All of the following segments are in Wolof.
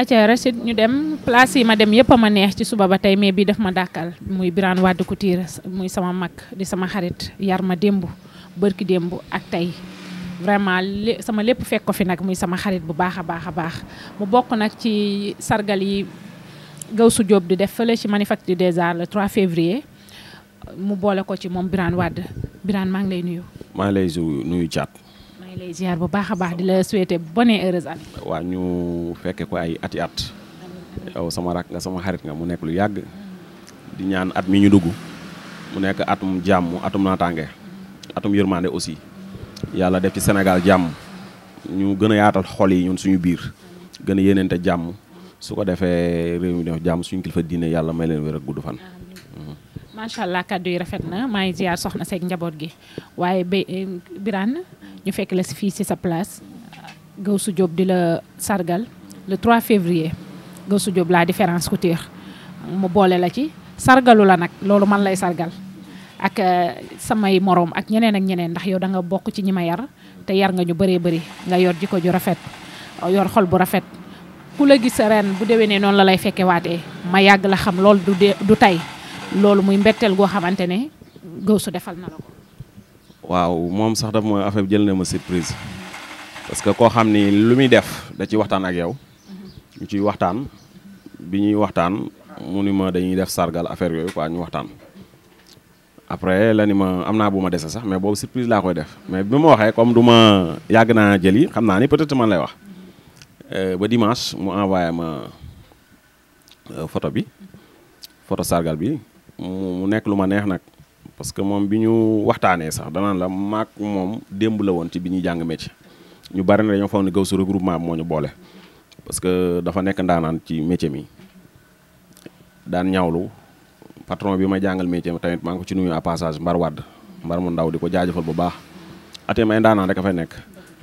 aca Rachid ñu dem place yi ma dem yëpp a ma neex ci suba ba tey mais bii daf ma dàkkal muy Birane Wade tiira muy sama mag di sama xarit yar ma démb bërki démb ak tey vraiment li sama lépp fekk ko fi nag muy sama xarit bu baax a baax a baax mu bokk nag ci sargal yi su Diop di def fële ci Manufacture des Arts le 3 février mu boole ko ci moom Birane wadd Birane maa ngi lay nuyu maa nuyu caat ngi lay ziar bu baax a baax di la souhaiter bonne et heureuse waa ñu fekke ko ay ati at yow sama rak nga sama xarit nga mu nekk lu yàgg di ñaan at mi ñu dugg mu nekk atum jàmm atum naataange atum yërmande aussi yàlla def ci senegal jàmm ñu gën a yaatal xol yi ñun suñu biir gën a yéeneente jàmm su ko defee réew mi def jàmm suñu kilifa diine yàlla may leen wér ak gudd fan. macha allah kàddu rafet na maa ngi ziar soxna seeg njaboot gi waaye Birane ñu fekk la fii ci sa place Gawsu Diop di la sargal le trois février Gawsu jóob la différence couture mu boole la ci sargalu la nag loolu man lay sargal ak euh, samay moroom ak ñeneen ak ñeneen ndax yow da nga bokk ci ñi ma yar te yar nga ñu bëree bëri nga yor jikko ju rafet yor xol bu rafet ku la gis ren bu dewee déwénee noonu la lay fekke waatee ma yàgg la xam loolu du du tey loolu muy mbetteel goo xamante ne Gawsu defal na la ko waaw moom sax daf ma affaire bi jël na ma surprise parce que koo xam ni lu muy def da ciy waxtaan ak yow ñu ciy waxtaan bi ñuy waxtaan mu ni ma dañuy def sargal affaire yooyu quoi ñu waxtaan après la ni ma am naa bu ma desee sax mais boobu surprise laa koy def mais bi ma waxee comme du ma yàgg naa jëli xam naa ni peut-être man lay wax euh, ba dimanche mu envoyé ma euh, photo bi photo sargal bi mu nekk lu ma neex nag parce que moom bi ñu waxtaanee sax danaan la maak moom démb la woon ci bi ñuy jàng métier ñu bari na dañoo foog ne gaw su regroupement moo ñu boole parce que dafa nekk ndaanaan ci métier mi daan ñaawlu patron bi ma jàngal métier tamit maa ngi ko ci nuyu à passage mbar wadd mbar mu ndaw di ko jaajëfal bu baax ateem ay ndaanaan rek a fay nekk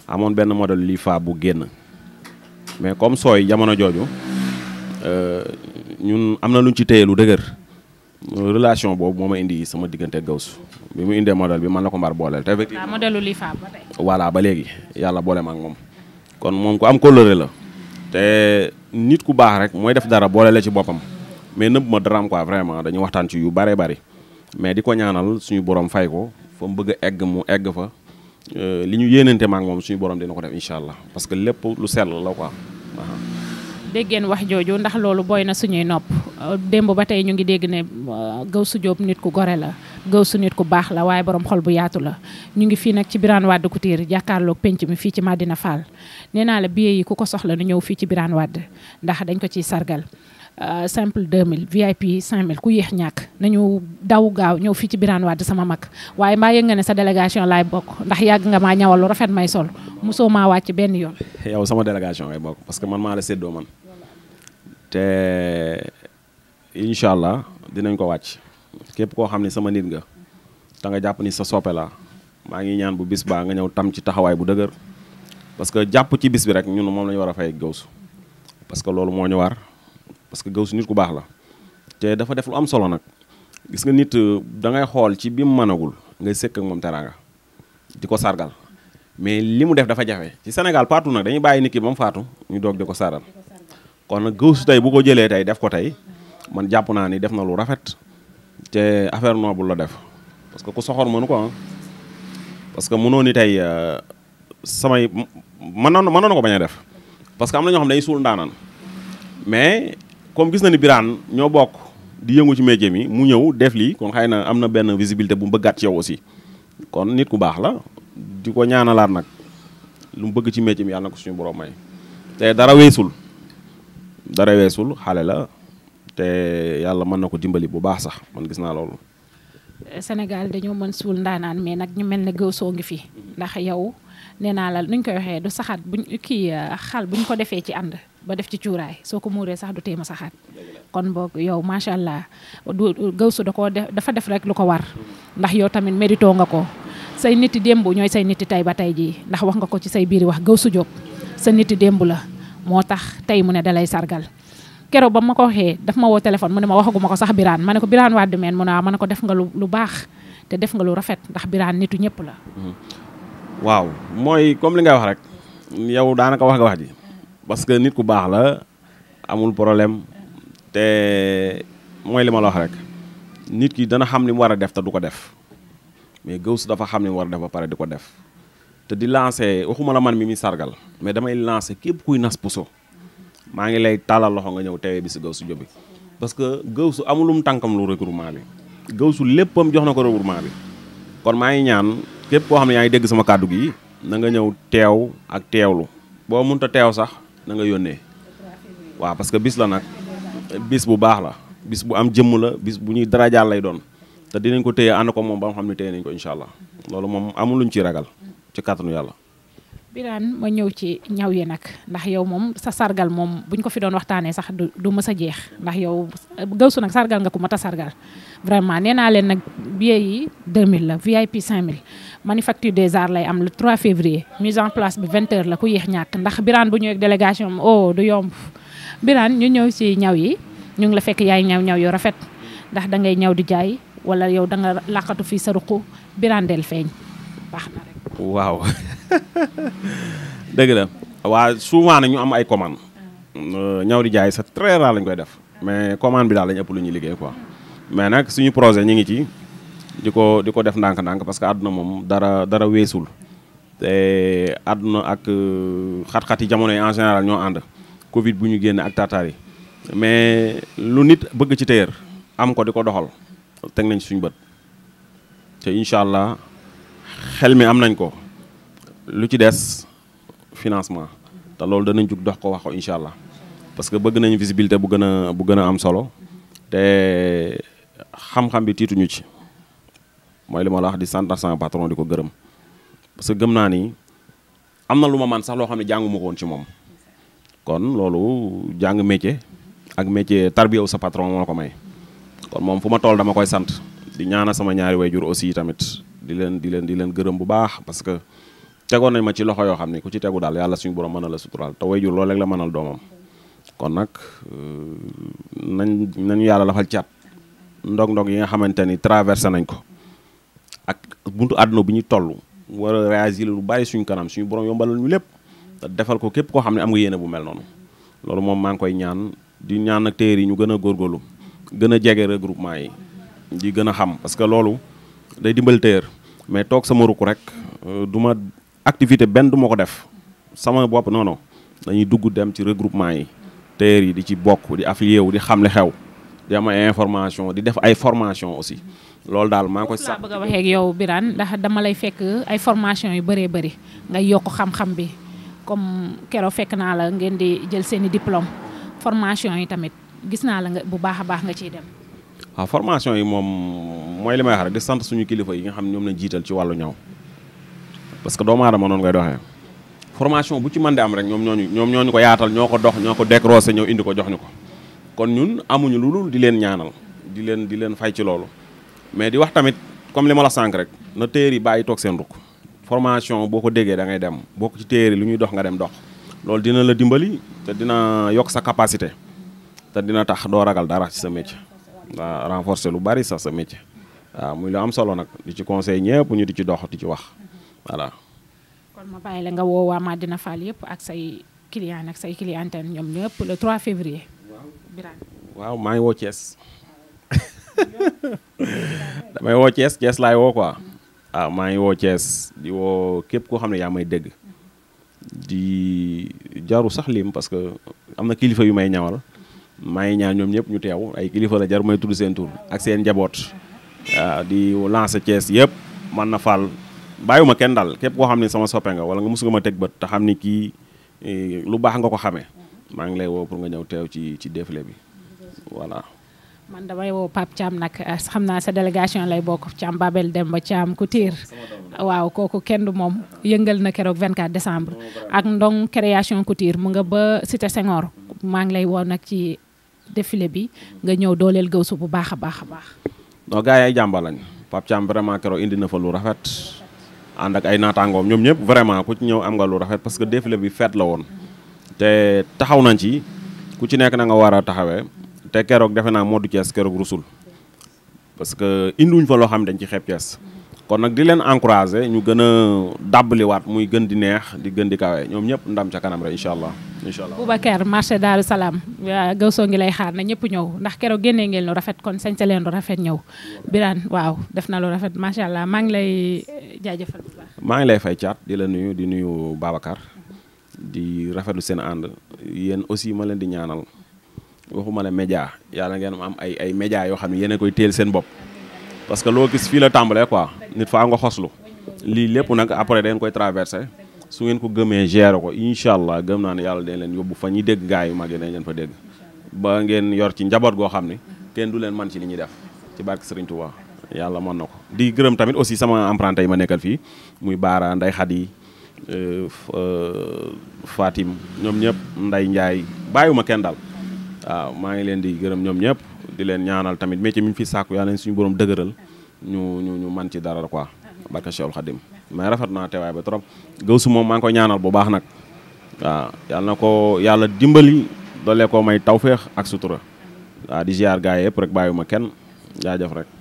amoon benn modèle lii fa bu génn mais comme sooy jamono jooju euh, ñun am na luñ ci téye lu dëgër relation boobu moo ma indi sama diggante Gawsu bi mu indee modèle bi man la ko mbar booleel te effectivement ah, modèle li fa ba tey ba léegi yàlla boole ma ak moom kon moom ku am coloré la te nit ku baax rek mooy def dara boole la ci boppam mais nëbb ma daraam quoi vraiment dañu waxtaan ci yu bare bari mais di ko ñaanal suñu borom fay ko fa mu bëgg egg mu egg fa euh, li ñu yéenante ma ak moom suñu borom dina ko def incha allah parce que lépp lu sell la quoi déggeen wax jooju ndax loolu booy na suñuy nopp démb ba tey ñu ngi dégg ne euh, Gawsu Jóob nit ku gore la su nit ku baax la waaye borom xol bu yaatu la ñu ngi fii nag ci Birane Wade Couture jàkkaarloog penc mi fii ci Madina Fall nee naa la billet yi ku ko soxla na ñëw fii ci Birane Wade ndax dañ ko ciy sargal Euh, simple 2000 VIP 5000 ku yéex ñàkk nañu daw gaaw ñëw fii ci Birane waat sama mag waaye maa yëg nga ne sa délégation laay bokk ndax yàgg nga maa ñawal lu rafet may sol mosoo maa wàcc benn yoon. yow sama délégation ngay bokk parce que man maa la séddoo man te incha allah dinañ ko wàcc képp koo xam ne sama nit nga te nga jàpp ni sa soppe la maa ngi ñaan bu bis baa nga ñëw tam ci taxawaay bu dëgër parce que jàpp ci bis bi rek ñun moom la ñu war a fay gawsu parce que loolu moo ñu war. parce que Gawsu nit ku baax la te dafa def lu am solo nag gis nga nit euh, da xool ci bii mu mënagul ngay sëkk ak moom teraanga di ko sargal mais li mu def dafa jafe ci Sénégal partout nag dañuy bàyyi nit ki ba mu faatu ñu doog di ko sargal kon nag Gawsu tey bu ko jëlee tey def ko tey man jàpp naa ni def na lu rafet te affaire noble la def parce que ku soxor mënu ko ah parce que mënoo ni tey euh, samay mënoon mënoon ko bañ a def parce que am na xam ne day suul ndaanaan mais comme gis na ni Birane ñoo bokk di yëngu ci métier mi mu ñëw def lii kon xëy na am na benn visibilité bu mu bëggaat ci yow aussi kon nit ku baax la di ko ñaanalaat nag lu mu bëgg ci métier mi yàlla na ko suñu borom may te dara weesul dara weesul xale la te yàlla mën na ko dimbali bu baax sax man gis naa loolu. senegal dañoo mën suul ndaanaan mais nag ñu mel ne gëwsoo ngi fi ndax yow nee naa la nuñ koy waxee du saxaat buñ kii xal buñ ko defee ci ànd. ba def ci cuuraay soo ko muuree sax du ma saxaat kon boog yow macha allah du gawsu da koo def dafa def rek lu ko war ndax yow tamit mérito nga ko say niti démb ñooy say niti tay ba tay ji ndax wax nga ko ci say biir wax gawsu Jóob sa niti démb la moo tax tey mu ne dalay sargal keroog ba ma ko waxee daf ma woo téléphone mu ne ma waxaguma ko sax biraan ma ne ko biraan waa meen mu ne waaw ma ko def nga lu lu baax te def nga lu rafet ndax biraan nitu ñëpp la waaw mooy comme li ngay wax rek yow daanaka wax nga wax ji parce que nit ku baax la amul problème te mooy li ma la wax rek nit ki dana xam ni mu war a def te du ko def mais Gawsu dafa xam li mu war a def ba pare di ko def te di lancé waxuma la man mi muy sargal mais damay lancé képp kuy nas puso maa ngi lay tàllal loxo nga ñëw teewee bi si Gawsu Jobe parce que Gawsu amulum tànkam lu regroupement bi Gawsu léppam jox na ko regroupement bi kon maa ngi ñaan képp koo xam ne yaa ngi dégg sama kàddu gi na nga ñëw teew ak teewlu boo mënta teew sax na nga yónnee waaw parce que bis la nag bis bu baax la bis bu am jëmm la bis bu ñuy darajaal lay doon te dinañ ko téye ànd ko moom ba nga xam ne téye nañ ko incha allah loolu moom amul luñ ciy ragal ci kàttanu yàlla. Birane ma ñëw ci ñaw yi nag ndax yow moom sa sargal moom buñ ko fi doon waxtaanee sax du du mës a jeex ndax yow Gawsu nag sargal nga ko mat a sargal vraiment nee naa leen nag billet yi mille la VIP 5000 manufacture des arts lay am le trois février mise en place bi 20 heures la ku yéex ñàkk ndax Birane bu ñëwee ak délégation oh du yomb Birane ñu ñëw ci ñaw yi ñu ngi la fekk yaay ñaw ñaw yu rafet ndax da ngay ñaw di jaay wala yow da nga làqatu fii sa ruqu feeñ dëgg la waa souvent nag ñu am ay commande euh, ñaw di jaay sa très rare lañ koy def mais commande bi daal lañ ëpp lu ñuy liggéey quoi mais nag suñu projet ñu ngi ci di ko di ko def ndànk-ndànk parce que àdduna moom dara dara weesul te àdduna ak euh, xat-xat yi jamono yi en ñoo ànd Covid bu ñu génn ak tataar mais lu nit bëgg ci téyër am ko di ko doxal teg nañ suñu bët te incha allah xel mi am nañ ko lu ci des financement te loolu danañ jug dox ko wax ko incha allah parce que bëgg nañ visibilité bu gën a bu gën am solo te xam-xam bi tiituñu ci mooy li ma la wax di sant sama patron di ko gërëm parce que gëm naa ni am na lu ma man sax loo xam ne jànguma ko woon ci moom kon loolu jàng métier ak métier tarbiyaw sa patron moo ko may kon moom fu ma tool dama koy sant di ñaana sama ñaari jur aussi tamit di leen di leen di leen gërëm bu baax que tegoon nañ ma ci loxo yoo xam ne ku ci tegu daal yàlla suñu borom mën a la suturaal te way loolu la mënal doomam kon nag euh, nañ nañu yàlla lafal cat ndog-ndog yi nga xamante ni traversé nañ ko ak buntu àdduna bi ñu toll war a réagir lu bàyyi suñu kanam suñu borom yombalal ñu lépp defal ko képp koo xam ne am nga yéene bu mel noonu loolu moom maa ngi koy ñaan di ñaan ak téer yi ñu gën a góorgóorlu gën a jege regroupement yi di gën a xam parce que loolu day dimbal téer activité benn du ma ko def sama bopp noonu non dañuy dugg dem ci regroupement yi teer yi di ci bokk di affilié wu di xam li xew di am ay information di def ay formation aussi loolu daal maa ngi koy sax bëgg a waxee ak dama lay fekk ay formation yu bëree bëri nga yokk xam-xam bi comme kero fekk naa la ngeen di jël seen i diplôme formation yi tamit gis naa la nga bu baax a baax nga ciy dem waaw formation yi moom mooy li may wax rek di sant suñu kilifa yi nga xam ne ñoom lañ jiital ci wàllu ñaw parce que doomu aadama noonu ngay doxee formation bu ci man di am rek ñoom ñooñu ñoom ñooñu ko yaatal ñoo ko dox ñoo ko décroché ñëw indi ko jox ñu ko kon ñun amuñu lu dul di leen ñaanal di leen di leen fay ci loolu mais di wax tamit comme li ma la sànq rek na téer yi bàyyi toog seen rukk formation boo ko déggee da ngay dem boo ko ci téer lu ñuy dox nga dem dox loolu dina la dimbali te dina yokk sa capacité te dina tax doo ragal dara ci sa métier waa renforcer lu bari sax sa métier muy lu am solo nag di ci conseil ñëpp ñu di ci dox di ci wax voilà. ma bàyyi la nga woo waa Madina Fall yëpp ak say client ak say clientèle ñoom ñëpp le 3 février. waaw waaw maa ngi woo Thiès. damay woo laay woo quoi. waaw ah, maa ngi woo di woo képp koo xam ne yaa may dégg. di jaru sax liim parce que am na kilifa yu may ñawal. maa ngi ñaan ñoom ñëpp ñu teew ay kilifa la jar may tudd seen tur ak seen njaboot. waaw ah, di lancer Thiès yëpp mën na Fall. bàyyiwuma kenn daal képp koo xam ne sama soppe nga wala nga musu nga ma teg bët te xam ni kii eh, lu baax nga ko xame mm-hmm. maa ngi lay woo pour nga ñëw teew ci ci défilé bi voilà. man damay woo Pape Thiam nag eh, xam naa sa délégation lay bokk Thiam Babel Demba Thiam Couture waaw kooku kenn moom yëngal na keroog 24 décembre ak ndong création Couture mu nga ba Cité Senghor maa ngi lay woo nag ci défilé bi nga ñëw dooleel gawsu bu baax a baax a baax. non gars yi ay jàmbaar lañ Pape keroog indi na fa lu rafet. ànd ak ay naataangoom ñoom ñëpp vraiment ku ci ñëw am nga lu rafet parce que défilé bi fête la woon te taxaw nañ ci ku ci nekk na nga war a taxawee te keroog defe naa moo du Cees keroog rusul parce que indiwuñ fa loo xam ne dañ ci xeeb Cees kon nag di leen encouragé ñu gën a dàbbaliwaat muy gën di neex di gën di kawe ñoom ñëpp ndam ca kanam rek incha allah incha allah Boubacar marché Daaru Salaam Gawso ngi lay xaar na ñëpp ñëw ndax keroog génnee ngeen lu rafet kon sañse leen lu rafet ñëw Birane waaw def na lu rafet macha allah maa ngi lay jaajëfal bu maa ngi lay fay caat di la nuyu di nuyu Babacar di rafetlu seen ànd yéen aussi ma leen di ñaanal waxuma ne média la ngeen am ay ay média yoo xam ne yéen a koy téel seen bopp parce que loo gis fii la tàmbalee quoi nit faa nga lii lépp nag après dañ koy traversé su ngeen ko gëmee gérer ko incha allah gëm naa ne yàlla dañ leen yóbbu fa ñuy dégg gars yu mag yi dañ leen fa dégg ba ngeen yor ci njaboot goo xam ne kenn du leen man ci li ñuy def ci barke Serigne Touba yàlla man na ko di gërëm tamit aussi sama emprunté yi ma nekkal fii muy Baara Ndey Xadi euh, euh, Fatim ñoom ñëpp Nday Njaay bàyyiwuma kenn daal waaw maa ngi leen di gërëm ñoom ñëpp di leen ñaanal tamit métier mi ñu fi sàkku yàlla nañ suñu borom dëgëral ñu ñu ñu man ci dara quoi barka Cheikhul Khadim mais rafet naa teewaay ba trop gawsu moom maa ngi koy ñaanal bu baax nag waaw yàlla na ko yàlla dimbali doolee koo may tawféex ak sutura waaw di ziar gaa yëpp rek bàyyiwuma kenn jaajëf rek